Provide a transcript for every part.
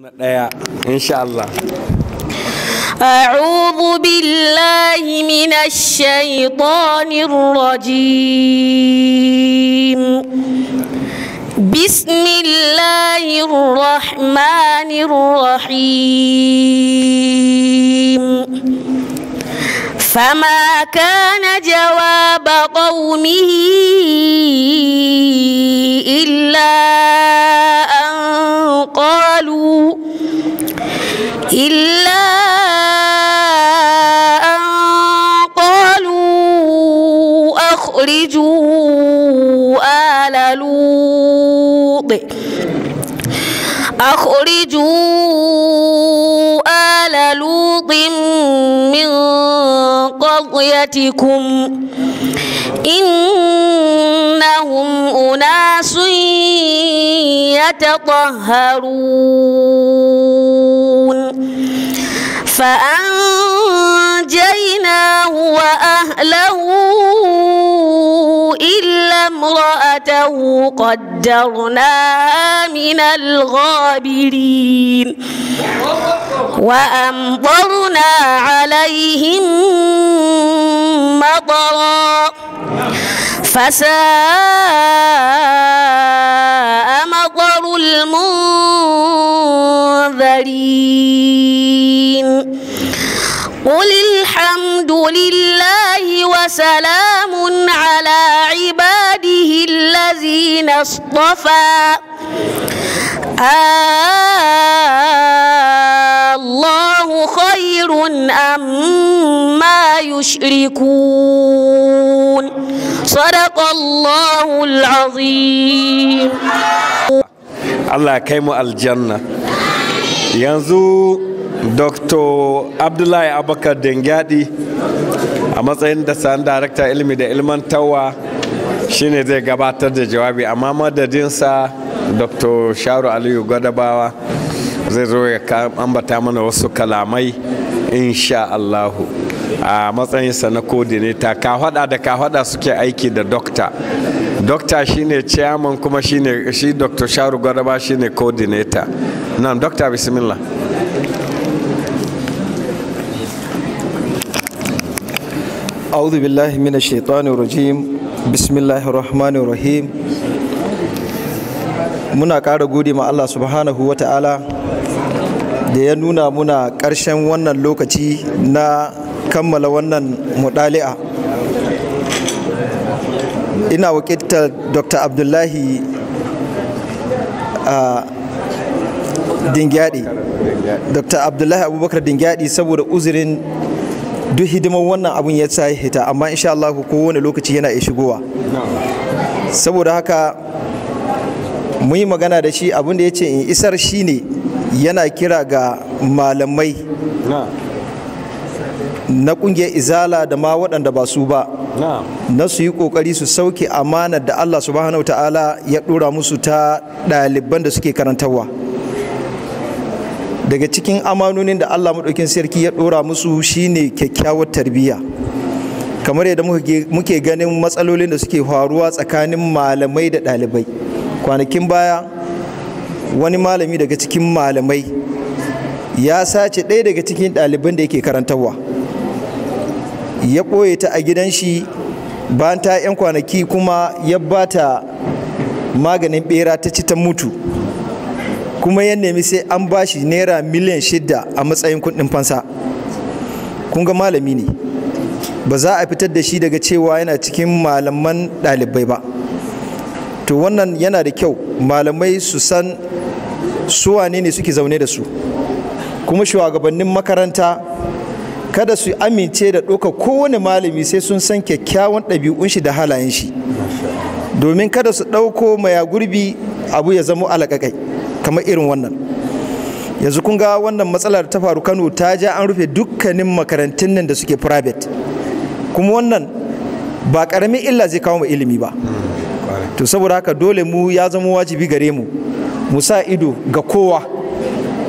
إن شاء الله أعوذ بالله من الشيطان الرجيم بسم الله الرحمن الرحيم فما كان جواب قومه إلا أن قالوا إلا أن قالوا أخرجوا آل لوط أخرجوا آل لوط من قضيتكم إنهم أناس تطهرون فأنجيناه وأهله إلا امرأته قدرناها من الغابرين وأمطرنا عليهم مطرا فساء مطر المنذرين المنذرين قل الحمد لله وسلام على عباده الذين اصطفى الله خير أما ما يشركون صدق الله العظيم الله كيم الجنة yanzu dr abdullahi abakar dengadi a matsayin da san darakta ilimi da ilmantarwa shine zai gabatar da jawabi amma madadinsa dr sharu aliyu gwadabawa zai zo ya ambata mana wasu kalamai insha allahu a matsayinsa na kodineta ka hada da ka suke aiki da dokta dokta shine chairman kuma shine shi dr sharu gwadaba shine coordinator na dokta bismillah أعوذ بالله من الشيطان الرجيم بسم الله الرحمن الرحيم muna ƙara gode ma Allah subhanahu wa ta'ala da ya nuna muna ƙarshen wannan lokaci na kammala wannan mudali'a ina wakiltar dr abdullahi a ah, dingyadi dr abdullahi abubakar dingyadi saboda uzurin duk hidimar wannan abun ya sa hita amma insha Allah kowane lokaci yana iya shigowa saboda haka mun yi magana da shi abin da ya ce in isar shi ne yana kira ga malamai na kungiyar izala da ma waɗanda ba su ba na su yi kokari su sauke amanar da Allah subhanahu ta'ala ya dora musu ta ɗaliban da suke karantarwa daga cikin amanonin da Allah maɗaukin sarki ya dora musu shine kyakkyawar tarbiyya kamar yadda muke ganin matsalolin da suke faruwa tsakanin malamai da ɗalibai kwanakin baya wani malami daga cikin malamai ya sace ɗaya daga cikin ɗaliban da yake karantarwa ya ɓoye ta a gidan shi bayan ta 'yan kwanaki kuma ya bata maganin bera ta ci ta mutu kuma ya nemi sai an ba shi naira miliyan shida a matsayin kuɗin fansa kun ga malami ne ba za a fitar da shi daga cewa yana cikin malaman ɗalibai ba to wannan yana da kyau malamai su san suwa ne suke zaune da su kuma shugabannin makaranta kada su amince da ɗaukar kowane malami sai sun san kyakkyawan ɗabi'un shi da halayen shi domin kada su ɗauko maya gurbi abu ya zama alaƙaƙai kamar irin wannan yanzu kun ga wannan matsalar ta faru kano ta ja an rufe dukkanin makarantun nan da suke private kuma wannan ba ƙaramin illa zai kawo ilimi ba to saboda haka dole mu ya zama wajibi gare mu mu sa ido ga kowa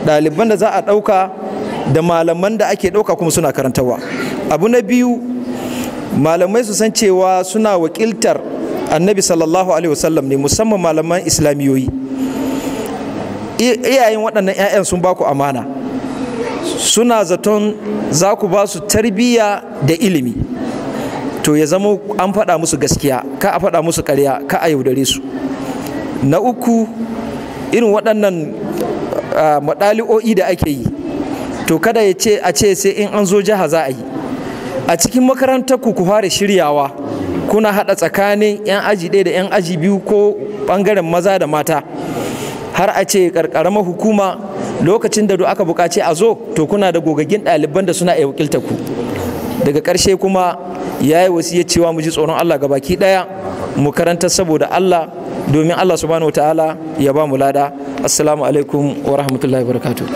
ɗaliban da za a ɗauka da malaman da ake ɗauka kuma suna karantarwa abu na biyu malamai su san cewa suna wakiltar annabi sallallahu alaihi wasallam ne musamman malaman islamiyoyi iyayen waɗannan 'ya'yan sun baku amana suna zaton za ku ba su tarbiyya da ilimi to ya zama an faɗa musu gaskiya ka a faɗa musu karya ka a yaudare su na uku irin waɗannan madali'o'i da ake yi to kada ya ce a ce sai in an zo jiha za a yi a cikin makarantar ku ku fara shiryawa kuna haɗa tsakanin 'yan aji ɗaya da 'yan aji biyu ko ɓangaren maza da mata har a ce ƙarƙaramar hukuma lokacin da aka buƙaci a zo to kuna da gogaggin ɗaliban da suna iya ku daga ƙarshe kuma ya yi wasiyar cewa mu ji tsoron Allah ga baki ɗaya mu karanta saboda Allah domin Allah subhanahu wa ta'ala ya ba mu lada assalamu alaikum wa rahmatullahi wa barakatuh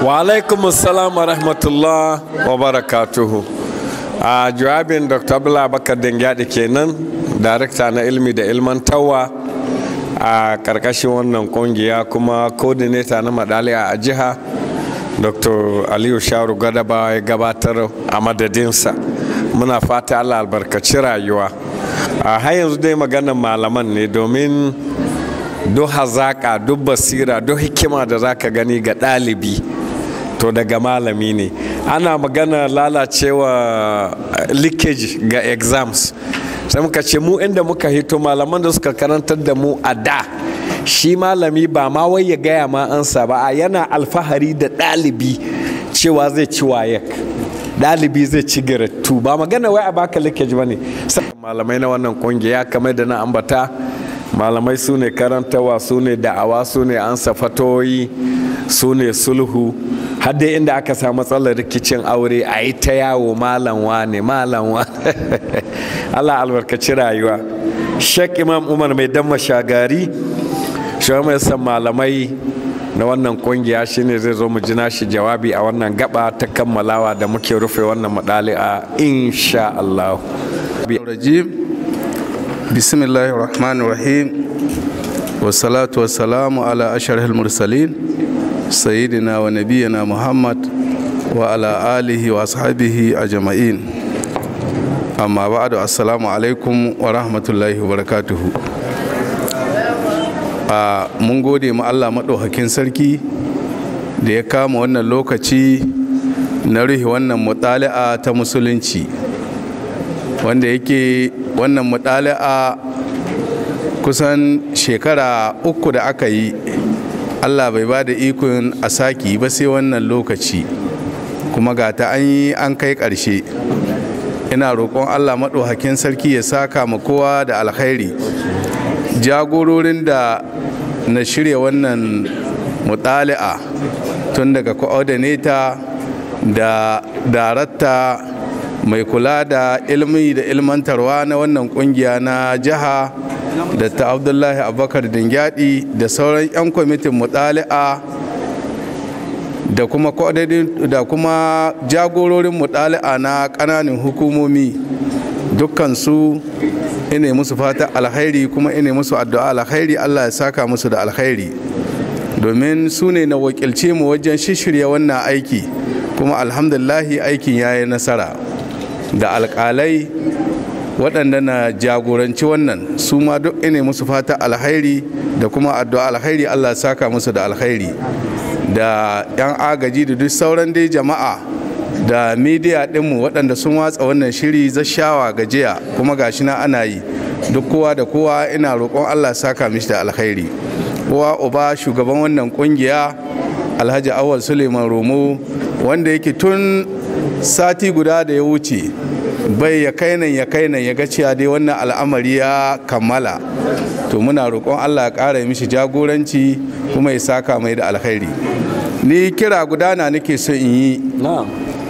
wa alaikum wa rahmatullah wa barakatuhu a jawabin dr abdullahi Abakar dangyaɗe kenan darakta na ilmi da tawa a ƙarƙashin wannan ƙungiya kuma coordinator na madali a jiha dr aliyu sharu gadaba ya gabatar a madadinsa muna fata allah albarkaci rayuwa a har yanzu dai magana malaman ne domin duk hazaƙa duk basira duk hikima da za ka gani ga ɗalibi to daga malami ne ana magana lalacewa eh, leakage ga exams sai muka ce mu inda muka hito malaman da suka karantar da mu a da shi malami ba ma wai ya gaya ma ansa ba yana alfahari da ɗalibi cewa zai ci waye ɗalibi zai ci garattu ba magana wai a baka leakage ba ne malamai na wannan kungiya kamar da na ambata malamai su ne karantawa su ne da'awa su ne ansa fatoyi su ne sulhu har dai inda aka samu matsalar rikicin aure a yi ta yawo malanwa ne malanwa Allah albarkaci rayuwa shek imam umar mai damma shagari shawar mai san malamai na wannan kungiya shine zai zo mu ji nashi jawabi a wannan gaba ta kammalawa da muke rufe wannan a insha Allah bismillahir rahmanir rahim wassalatu salamu ala asharil mursalin sayidina wa nabiyana muhammad wa ala alihi wa ashabihi a jama'in amma ba da assalamu alaikum wa rahmatullahi wa barakatuhu a mun gode ma allah maɗaukakin sarki da ya kama wannan lokaci na ruhi wannan mutali'a ta musulunci wanda yake wannan muɗali'a kusan shekara uku da aka yi allah bai ba da ikon a saki ba sai wannan lokaci kuma ga ta an yi an kai ƙarshe ina roƙon allah maɗauhakin sarki ya saka ma kowa da alkhairi jagororin da na shirya wannan mutali'a tun daga coordinator da darakta mai kula da ilmi da ilmantarwa na wannan kungiya na jiha da abdullahi abubakar dingyadi da sauran 'yan kwamitin mutali'a da kuma da kuma jagororin mutali'a na ƙananan hukumomi dukkansu ina musu fata alkhairi kuma ina musu addu'a alkhairi allah ya saka musu da alkhairi domin su ne na wakilce mu wajen shishirya wannan aiki kuma alhamdulillahi aikin ya yi nasara da alkalai waɗanda na jagoranci wannan su ma duk ne musu fata alhairi da kuma addu'a alhairi allah saka musu da alhairi da 'yan agaji da duk sauran dai jama'a da midiya ɗinmu waɗanda sun watsa wannan shiri zashawa gajiya kuma gashi na ana yi duk kowa da kowa ina roƙon allah saka mishi da alhairi kowa uba shugaban wannan ƙungiya alhaji awal suleiman romo wanda yake tun sati guda da ya wuce bai ya kai nan ya kai nan ya ga cewa dai wannan al'amari ya kammala to muna roƙon Allah ya ƙara mishi jagoranci kuma ya saka mai da alkhairi ni kira gudana nake so in yi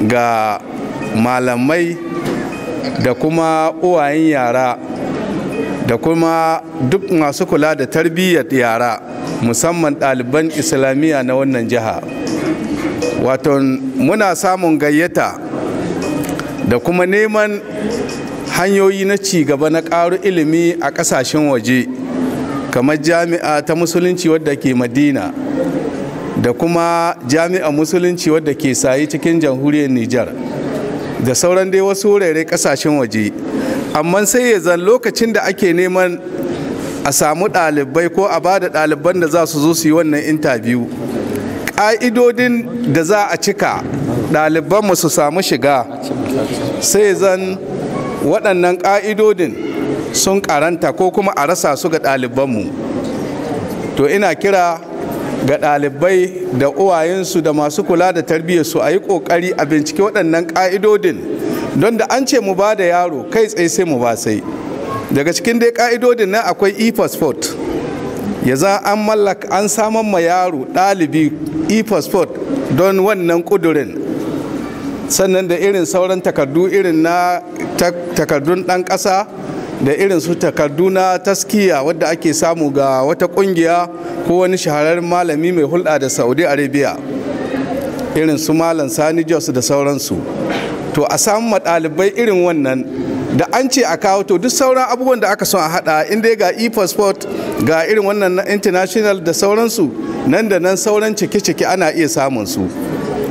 ga malamai da kuma uwayen yara da kuma duk masu kula da tarbiyyar yara musamman ɗaliban islamiyya na wannan jiha wato muna samun gayyata da kuma neman hanyoyi na ci gaba na ƙaru ilimi a ƙasashen waje kamar jami'a ta musulunci wadda ke madina da kuma jami'a musulunci wadda ke sayi cikin jamhuriyar nijar da sauran dai wasu wurare ƙasashen waje amma sai ya zan lokacin da ake neman a samu ɗalibai ko a ba da ɗaliban da za su zo su yi wannan intabiyu ƙa'idodin da za a cika ɗalibanmu su samu shiga sai zan waɗannan ƙa'idodin sun karanta ko kuma a rasa su ga ɗalibanmu to ina kira ga ɗalibai da uwayensu da masu kula da tarbiyyarsu a yi ƙoƙari a bincike waɗannan ƙa'idodin don da an ce mu ba da yaro kai tsaye sai mu ba sai daga cikin dai ƙa'idodin nan akwai e-passport ya za an mallaka an saman ma yaro ɗalibi e-passport don wannan ƙudurin sannan da irin sauran takardu irin na takardun ɗan ƙasa da irin su takardu na taskiya wadda ake samu ga wata ƙungiya ko wani shahararren malami mai hulɗa da saudi arabia irin su malam sani jos da sauransu to a samu ɗalibai irin wannan da an ce a kawo to duk sauran abubuwan da aka son a haɗa inda ga e-passport ga irin wannan international da sauransu nan da nan sauran cike-cike ana iya samun su.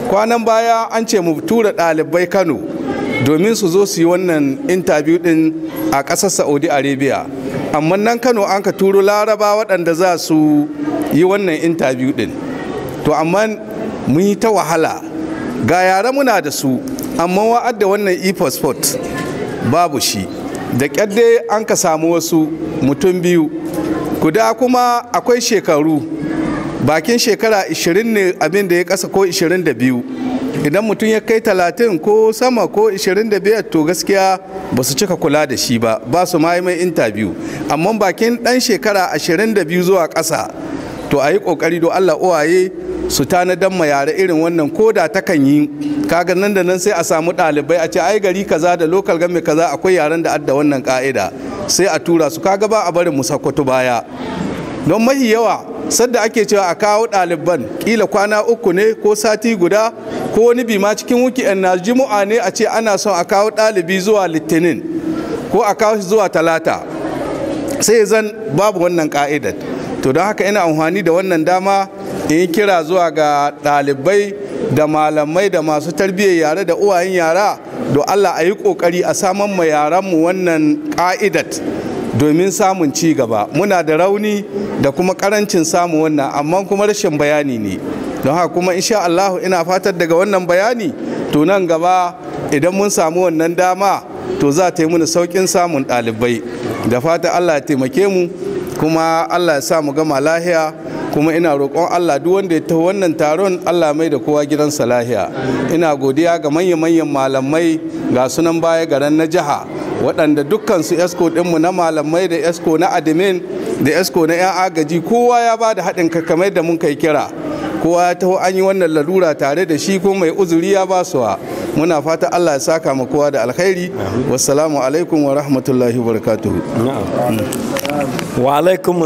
kwanan baya an ce mu tura ɗalibai kano domin su zo su yi wannan interview din a ƙasar saudi arabia amma nan kano an ka turo laraba waɗanda za su yi wannan interview din to amma mun yi ta wahala ga yara muna da su amma wa'ad wannan e-passport babu shi da ƙyadde an ka samu wasu mutum biyu guda kuma akwai shekaru bakin shekara 20 ne abin da ya kasa ko 22 idan mutum ya kai 30 ko sama ko 25 to gaskiya ba su cika kula da shi ba ba su mai mai interview amma bakin dan shekara 22 zuwa kasa to a yi kokari don allah uwaye su tanadan ma yare irin wannan ko da ta kan yi kaga nan da nan sai a samu ɗalibai a ce ai gari kaza da lokal game kaza akwai yaren da adda wannan ka'ida sai a tura su kaga ba a barin mu sakkwato baya don mahi yawa sadda ake cewa a kawo ɗaliban kila kwana uku ne ko sati guda ko wani bi ma cikin wuki yan na ne a ce ana son a kawo ɗalibi zuwa litinin ko a kawo shi zuwa talata sai zan babu wannan ka'idar to don haka ina amfani da wannan dama in kira zuwa ga ɗalibai da malamai da masu tarbiyyar yare da uwayen yara don allah a yi ƙoƙari a samar ma yaranmu wannan ka'idar domin samun ci gaba muna da rauni da kuma karancin samu wannan amma kuma rashin bayani ne don haka kuma insha Allah ina fatar daga wannan bayani to nan gaba idan mun samu wannan dama to za ta yi mana saukin samun ɗalibai da fata Allah ya taimake mu kuma Allah ya sa mu gama lahiya kuma ina roƙon Allah duk wanda ya taho wannan taron Allah mai da kowa gidansa lahiya ina godiya ga manya-manyan malamai ga sunan baya garan na jiha waɗanda dukkansu esco ɗinmu na malamai da esco na admin da esco na 'yan agaji kowa ya ba da haɗin kakamai da mun kai kira kowa ya taho an yi wannan lalura tare da shi ko mai uzuri ya ba su wa muna fata allah ya saka ma kowa da alkhairi wasalamu alaikum wa rahmatullahi wa mm. wa alaikum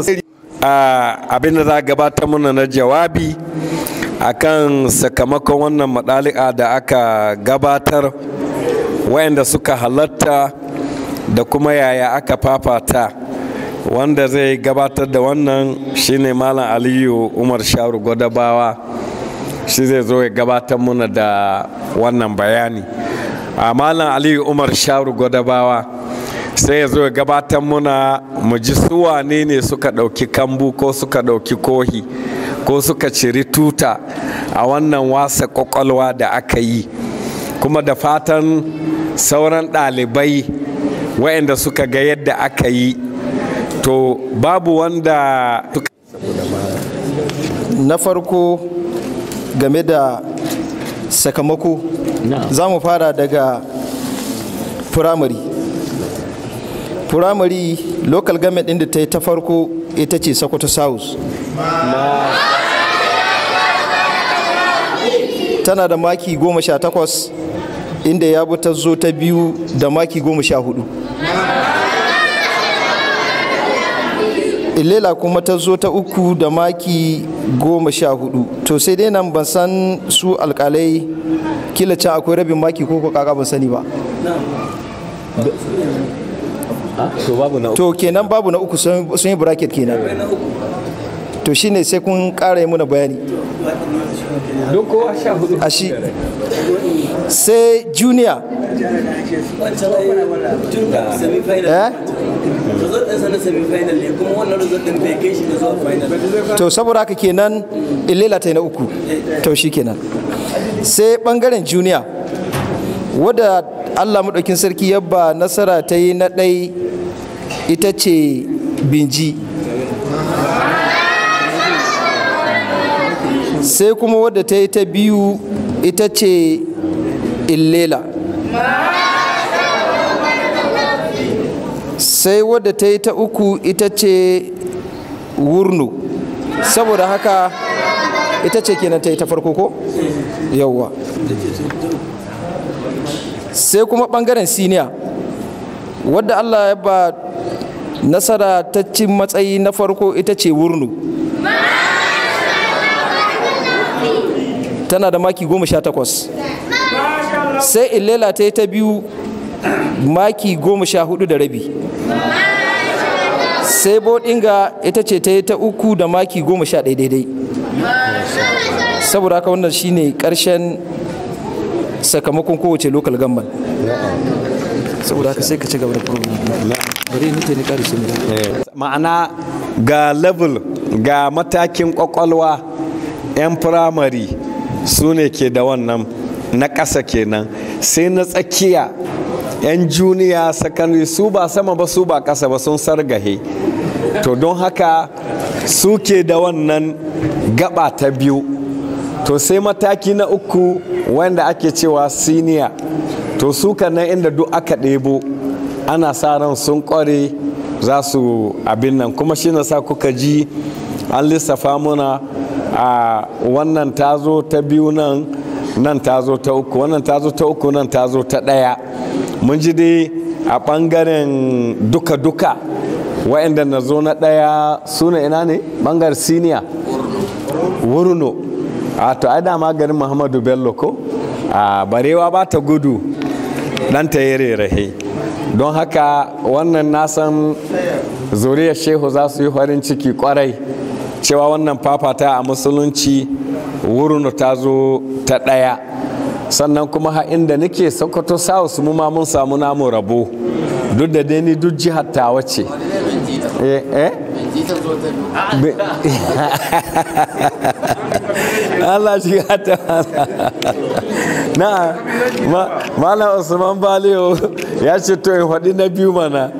ah, abin da za gabatar mana na jawabi akan sakamakon wannan madali'a da aka gabatar wayanda suka halatta da kuma yaya aka fafata wanda zai gabatar da wannan shine malam aliyu umar sharu gwadabawa shi zai zo ya gabatar muna da wannan bayani a malam aliyu umar sharu gwadabawa sai ya zo ya gabatar muna mu ji suwa ne ne suka ɗauki kambu ko suka ɗauki kohi ko suka ciri tuta a wannan wasa kwakwalwa da aka yi kuma da fatan sauran ɗalibai wa'anda suka ga yadda aka yi to babu wanda na farko game da sakamako za mu fara daga firamari firamari local government ɗin da ta yi ta farko ita ce sokoto south tana da maki goma sha takwas inda ya bi ta zo ta biyu da maki goma sha hudu ilela kuma ta zo ta uku da maki goma sha hudu to sai dai nan ban san su alkalai kila can akwai rabin maki ko ko kaka ban sani ba ah, to kenan babu na uku sun yi bracket kenan to shine sai kun kara yi muna bayani sai junior Eh? to saboda haka kenan illela ta na uku to shi kenan sai bangaren juniya wadda allah maɗaukin sarki yabba nasara ta yi na ɗai ita ce binji sai kuma wadda ta yi ta biyu ita ce illela sai wadda ta yi ta uku ita ce wurnu saboda haka ita ce kenan ta yi ta farko ko yauwa sai kuma bangaren siniya wadda allah ya ba nasara ta cin matsayi na farko ita ce wurnu tana da maki goma sha takwas sai illela ta yi ta biyu maki goma sha hudu da rabi sai bodinga ita ce ta yi ta uku da maki goma sha ɗaya daidai saboda haka wannan shine karshen sakamakon kowace lokal gamban saboda haka sai ka ci gaba da ma'ana ga level ga matakin kwakwalwa 'yan firamare su ne ke da wannan na ƙasa kenan sai na tsakiya 'yan juniya sakandare su ba sama ba su ba ƙasa ba sun sargahe to don haka suke da wannan gaba ta biyu to sai mataki na uku wanda ake cewa siniya to su nan inda duk aka ɗebo ana sa ran sun ƙware za su abin nan kuma shi sa kuka ji an lissafa muna a wannan tazo ta biyu nan nan ta zo ta uku wannan ta zo ta uku nan ta zo ta ɗaya mun ji dai a ɓangaren duka-duka wa'inda na zo na ɗaya suna ina ne ɓangar siniya wurno a to ai dama garin muhammadu bello ko a barewa ba ta gudu Dan ta yi rahe don haka wannan nasan zuriyar shehu za su yi farin ciki kwarai cewa wannan fafata a musulunci wurin ta zo ta ɗaya sannan kuma ha inda nake sokoto south mu ma mun samu namu rabo duk da dai ni duk jihar ta wace eh eh Allah shi hata na malam usman baliyo ya ce to in faɗi na biyu mana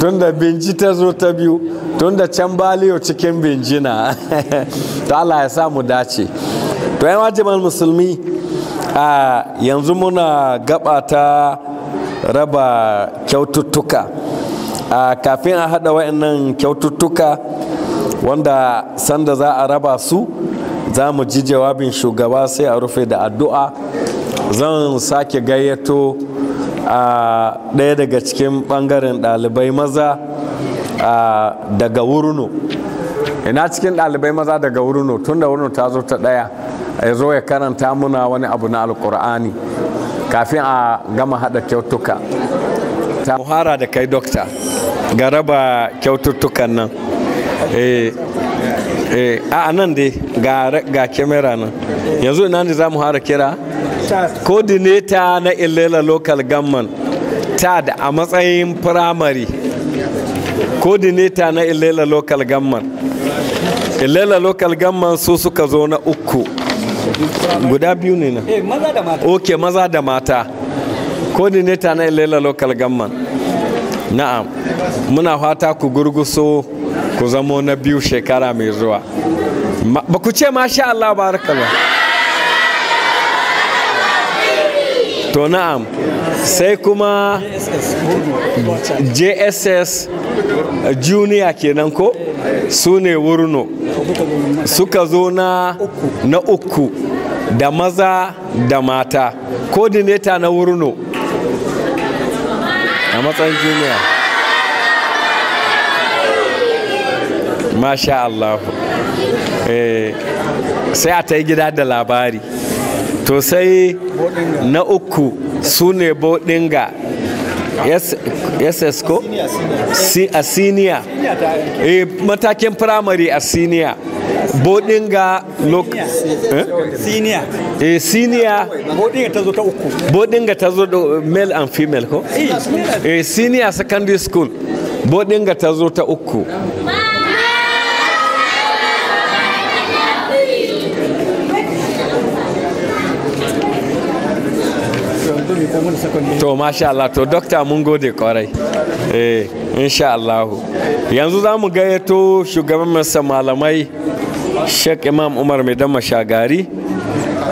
tun da binji ta zo ta biyu tun da can baliyo cikin binjina to Allah ya samu dace to yan wajiban musulmi a yanzu muna gaba ta raba kyaututtuka a kafin a hada wa'annan kyaututtuka wanda sanda za a raba su za mu ji jawabin shugaba sai a rufe da addu'a zan sake gayyato a ɗaya daga cikin ɓangaren ɗalibai maza daga wurno ina cikin ɗalibai maza daga wurno tun da wurno ta zo ta ɗaya ya zo ya karanta muna wani abu na alkur'ani kafin a gama hada kyautuka ta muhara da kai dokta ga raba kyaututtukan nan eh, eh, a nan dai ga kyamera nan yanzu ina ne za mu hara kira kodineta na illela local government tad a matsayin primary kodineta na illela local government illela local government su suka zo na uku guda biyu ne na eh, maza da mata ok maza da mata coordinator na ilela local government na'am muna fata ku gurguso ku zamo na biyu shekara mai zuwa ba ku ce masha Allah barakallah to na'am sai kuma jss junior kenan ko su ne wurno suka zo na uku da maza da mata coordinator na wurno a matsayin junior masha Allah eh, sai a ta yi gida da labari to sai na uku su ne bodinga yes ko a senior eh matakin primary a senior bodinga lok eh? senior eh senior bodinga ta zo ta uku bodinga ta zo male and female ko eh, eh senior secondary school bodinga ta zo ta uku Lawal Secondary. To masha Allah to dokta mun gode kwarai. Eh insha Allah. Yanzu za mu gayyato shugaban masa malamai Sheikh Imam Umar Mai Dama Shagari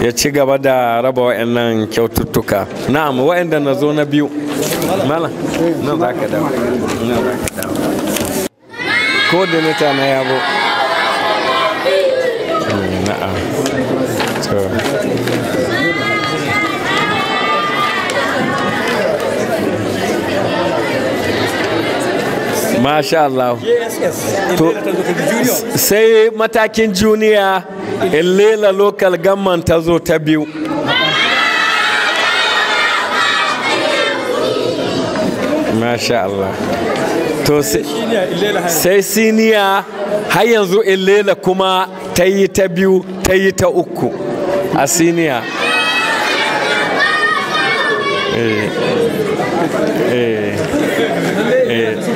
ya ci gaba da raba wa'annan kyaututtuka. Na'am wa'anda na zo na biyu. Malam, nan zaka ka dawo. Ko da na yabo. masha Allah to sai matakin juniya lela lokal gamman ta zo ta biyu masha Allah to sai siniya har yanzu in lela kuma ta yi ta biyu ta yi ta uku a siniya eh. eh.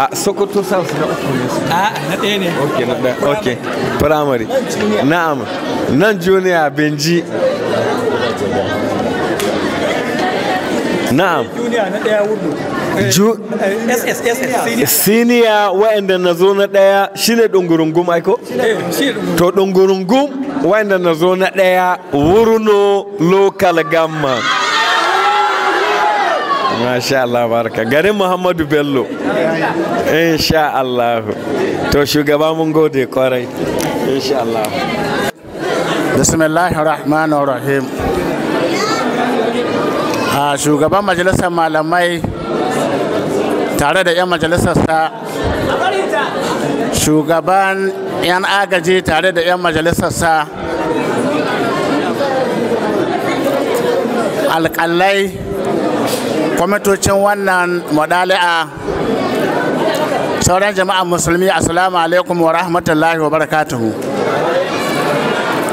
a sokoto su na uku ne a ah, na ɗaya ne ok na ɗaya ok primary na'am nan junior benji na'am junior na ɗaya Ju eh, siniya wa'anda na zo na ɗaya shi ne ɗungurungum aiko? to ɗungurungum wa'anda na zo na ɗaya wurno local gamma. masha Allah baraka garin Muhammadu Bello insha Allah to shugaba mun gode kwarai insha Allah bismillahir rahmanir rahim a shugaban majalisar malamai tare da 'yan majalisarsa shugaban 'yan agaji tare da 'yan majalisarsa alƙalai kwamitocin wannan madali'a sauran jama'a musulmi assalamu alaikum wa rahmatullahi wa barakatuhu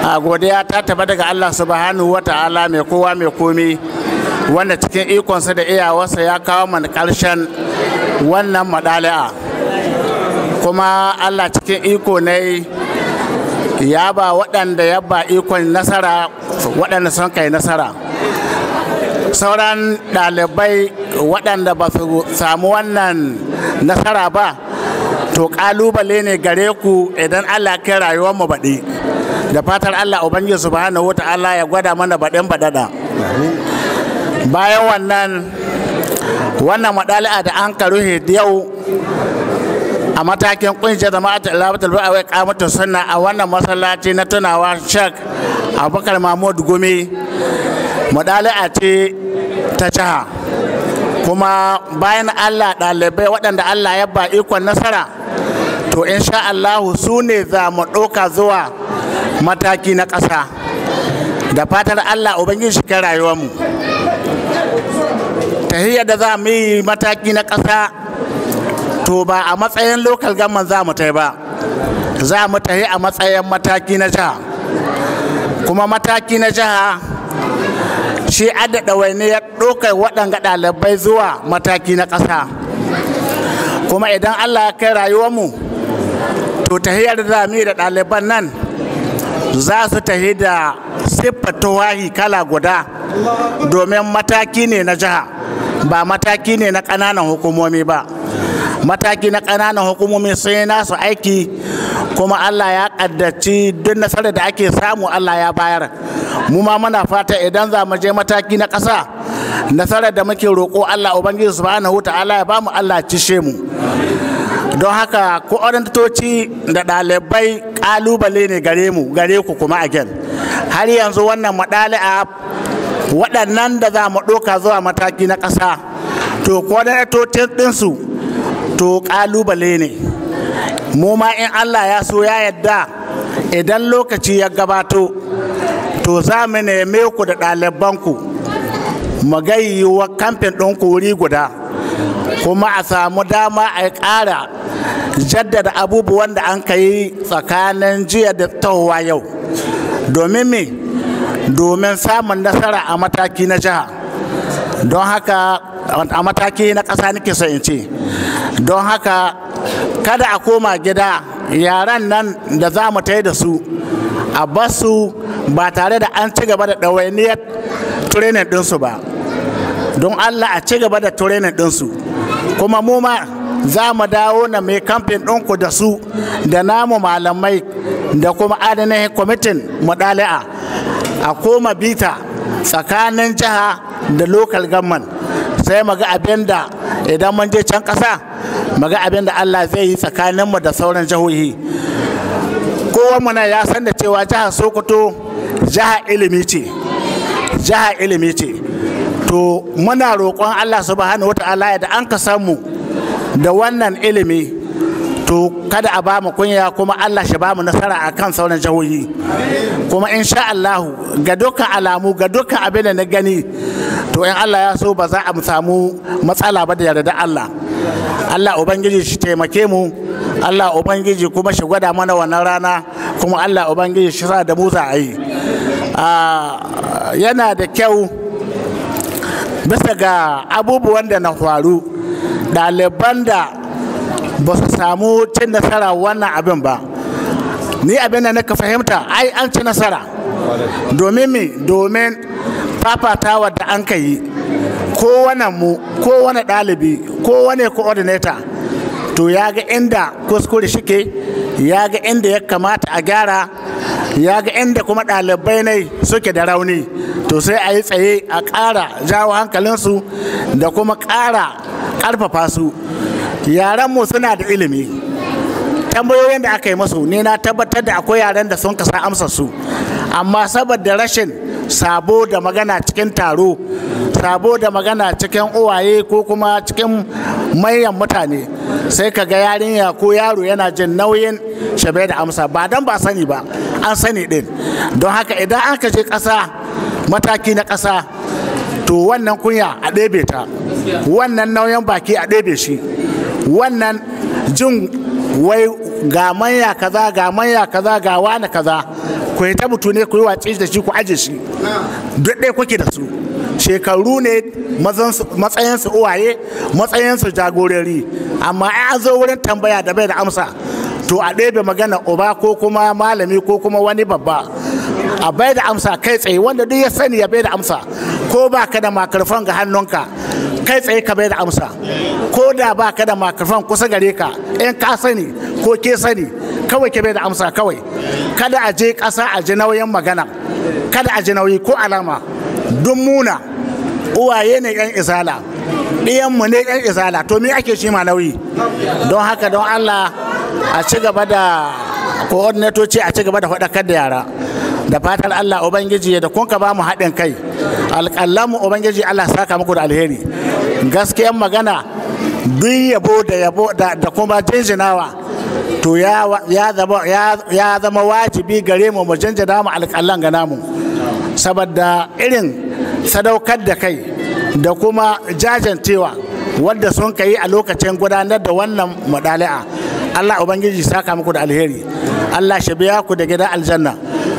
a godiya ta taba daga allah subhanahu wa ta'ala mai kowa mai komi wanda cikin ikonsa da iyawarsa ya kawo mana karshen wannan madali'a kuma allah cikin iko ne ya ba waɗanda ya ba ikon nasara waɗanda son kai nasara sauran ɗalibai waɗanda ba su samu wannan nasara ba to ƙalubale ne gare ku idan allah kai rayuwar mu baɗi da fatar allah ubangiji subhanahu ta'ala ya gwada mana baɗin baɗaɗa bayan wannan wannan maɗali'a da an karu yau a matakin labatar ba a wai kamata suna a wannan masallaci na tunawa shek abubakar mahmud gumi mudala'a ce ta jiha kuma bayan allah ɗalibai waɗanda allah ya ba ikon nasara to insha allahu su ne za mu ɗauka zuwa mataki na ƙasa da fatar allah ubangiji shi kai rayuwarmu hiyar da za mu yi mataki na ƙasa to ba a matsayin lokal gamman za mu tai ba za mu tahi a matsayin mataki na jiha kuma mataki na jiha shi adada ne ya ɗaukar waɗanga ɗalibai zuwa mataki na ƙasa kuma idan allah ya kai rayuwar mu to tahiyar da da ɗaliban nan za su tahi da siffar tawahi kala guda domin mataki ne na jiha ba mataki ne na ƙananan hukumomi ba mataki na ƙananan hukumomin sun yi nasu aiki kuma allah ya ƙaddaci duk nasarar da ake samu allah ya bayar mu ma muna fata idan za mu je mataki na ƙasa nasarar da muke roƙo allah ubangiji subhanahu ta'ala ya bamu allah cishe mu don haka ko toci da ɗalibai ƙalubale ne gare mu gare ku kuma again har yanzu wannan maɗali'a waɗannan da za mu ɗoka zuwa mataki na ƙasa to ko ɗin ɗinsu to kalubale ne mu ma in Allah ya so ya yadda idan lokaci ya gabato to za mu neme ku da ɗalibanku mu gayyuwa kamfen ɗin wuri guda kuma a samu dama a ƙara jaddada abubuwan da an kai tsakanin jiya da tahowa yau domin me domin samun nasara a mataki na jiha don haka a mataki na ƙasa nake son in ce don haka kada a koma gida yaran nan da za mu tai da su a basu ba tare da an ci gaba da ɗawainiyar training ɗinsu ba don allah a ci gaba da training ɗinsu kuma mu ma za mu dawo na mai kamfin ɗinku da su da namu malamai da kuma adanahin kwamitin mudali'a a koma bita tsakanin jiha da local government sai mu abin da idan mun je can ƙasa mu ga abin da Allah zai yi tsakaninmu da sauran jihohi kowa muna ya san da cewa jihar Sokoto jiha ilimi ce jiha ilimi ce to muna roƙon Allah subhanahu wata'ala da an ka samu da wannan ilimi to kada a ba mu kunya kuma Allah shi ba mu nasara a kan sauran jihohi kuma insha Allah ga dukkan alamu ga dukkan abin da na gani to in Allah ya so ba za a samu matsala ba da yarda Allah Allah ubangiji shi taimake mu Allah ubangiji kuma shi gwada mana wannan rana kuma Allah ubangiji shi sa da mu za a yi ah, yana da kyau bisa ga abubuwan da na faru ɗaliban da ba su samu cin nasara wannan abin ba ni abin da naka fahimta ai an ci nasara domin mi domin fafatawa da an ka yi kowane mu kowane ɗalibi kowane coordinator to ya ga inda kuskure shike ya ga inda ya kamata a gyara ya ga inda kuma ɗalibai ne suke da rauni to sai a yi tsaye a ƙara jawo hankalinsu da kuma ƙara ƙarfafa su yaranmu suna da ilimi tambayoyin da aka yi masu ne na tabbatar da akwai yaren da sun kasa amsa su amma saboda rashin sabo da magana cikin taro sabo da magana cikin uwaye ko kuma cikin manyan mutane sai ka ga yarinya ko yaro yana jin nauyin shabe da amsa ba don ba sani ba an sani din don haka idan an kashe je ƙasa mataki na ƙasa to wannan kunya a ɗebe ta wannan nauyin baki a ɗebe shi wannan jin wai ga manya kaza ga manya kaza ga wani kaza ku yi ta mutu ne ku yi watsi da shi ku aje shi duk ɗaya kuke da su shekaru ne matsayinsu uwaye matsayinsu Jagorari. amma an zo wurin tambaya da bai da amsa to a ɗebe magana uba ko kuma malami ko kuma wani babba a bai da amsa kai tsaye wanda duk ya sani ya bai da amsa ko ba ka da makarfan ga hannunka kai tsaye ka bai da amsa ko da ba ka da makarfan kusa gare ka in ka sani ko ke sani kawai ka bai da amsa kawai kada a je ƙasa a ji nauyin magana kada a ji nauyi ko alama duk muna uwaye ne yan izala ɗiyanmu ne yan izala to me ake shi ma nauyi don haka don allah a ci gaba da ce a ci gaba da faɗakar da yara da fatar Allah ubangiji da kun ka ba mu haɗin kai alƙallamu ubangiji Allah saka muku da alheri gaskiyar magana duk yabo da yabo da kuma jinjinawa to ya zama wajibi gare mu mu jinjina mu alƙallan ga namu saboda irin sadaukar da kai da kuma jajantewa wadda sun kai a lokacin gudanar da wannan madali'a. Allah Ubangiji saka muku da alheri Allah shi biya ku da gidan aljanna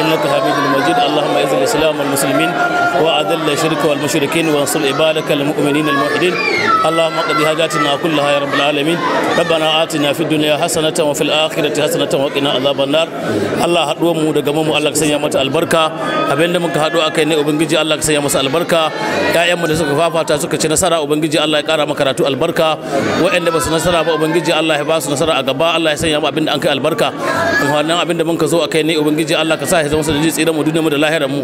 إنك حميد مجيد اللهم أعز الإسلام والمسلمين وأذل الشرك والمشركين وانصر عبادك المؤمنين الموحدين اللهم اقض حاجاتنا كلها يا رب العالمين ربنا آتنا في الدنيا حسنة وفي الآخرة حسنة وقنا عذاب النار الله ci nasara ubangiji Allah ya ƙara maka karatu albarka waɗanda ba su nasara ba ubangiji Allah ya a gaba Allah ya sanya mu abinda an zama sanadin tsira mu duniya mu da lahirar mu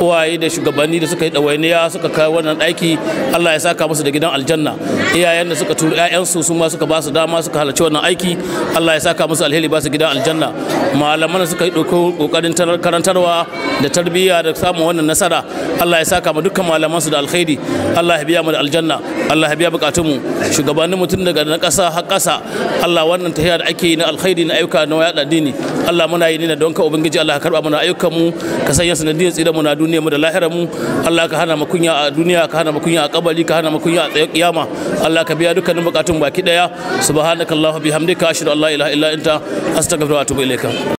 uwaye da shugabanni da suka yi ɗawainiya suka kai wannan aiki Allah ya saka musu da gidan aljanna iyayen da suka turi ƴaƴan su ma suka ba su dama suka halarci wannan aiki Allah ya saka musu alheri ba su gidan aljanna malaman da suka yi kokarin karantarwa da tarbiyya da samun wannan nasara Allah ya saka mu dukkan malaman su da alkhairi Allah ya biya mu da aljanna Allah ya biya bukatun mu shugabannin mutum daga na ƙasa har ƙasa Allah wannan tahiyar da ake yi na alkhairi na ayyuka na yada dini Allah muna yi ne don ka ubangiji Allah ya karba mana mu ka sanya sanadiyar tsira mu na duniyar mu da lahirar mu Allah ka hana mu a duniya ka hana mu a kabari ka hana mu a tsayar kiyama Allah ka biya dukkanin bukatun baki daya subhanakallahu bihamdika ashhadu an la ilaha illa anta astaghfiruka wa atubu ilaika